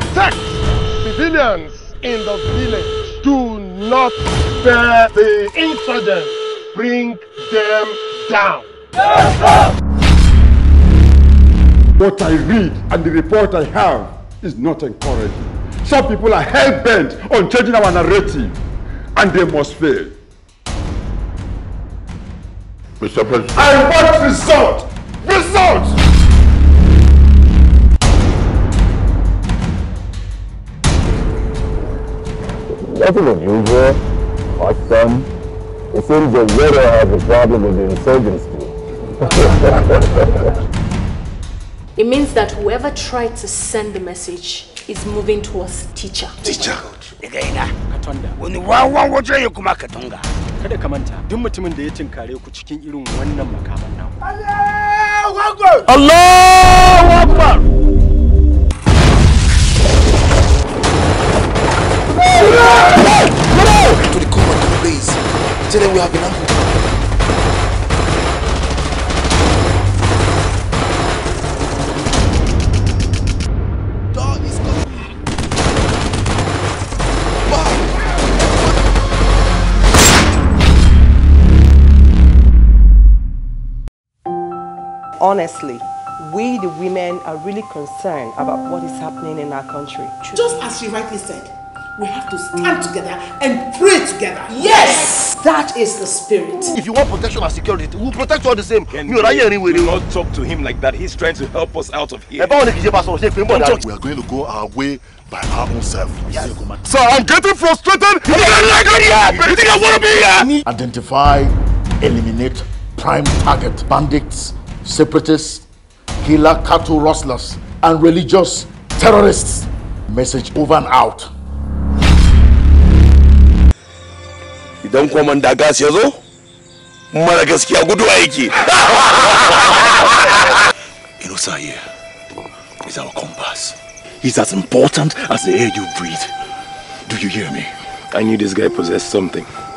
protect civilians in the village. Do not spare the insurgents. Bring them down. What I read and the report I have is not encouraging. Some people are hell-bent on changing our narrative, and they must fail. Mr. President. I want results! Results! Nothing unusual, our son, it seems that Yoda has a problem with the insurgency. it means that whoever tried to send the message is moving towards teacher. Teacher. Daga Katonda. waje ya kuma katonga. Kada ka manta duk mutumin da ya tinkare ku cikin irin wannan makaman nan. Allahu Akbar. Allahu Akbar. tell them we have enough. Honestly, we the women are really concerned about what is happening in our country. Just as she rightly said, we have to stand together and pray together. Yes! That is the spirit. If you want protection and security, we'll protect you all the same. Can you we do not talk to him like that. He's trying to help us out of here. We are going to go our way by our own self. Yes. Sir, I'm getting frustrated. You don't like it here. You think I want to be here? Identify, eliminate, prime target. Bandits, separatists, killer cattle rustlers, and religious terrorists. Message over and out. don komanda gas ya mara gaskiya guduwa yake Inusa here is our compass. He's as important as the air you breathe. Do you hear me? I knew this guy possessed something.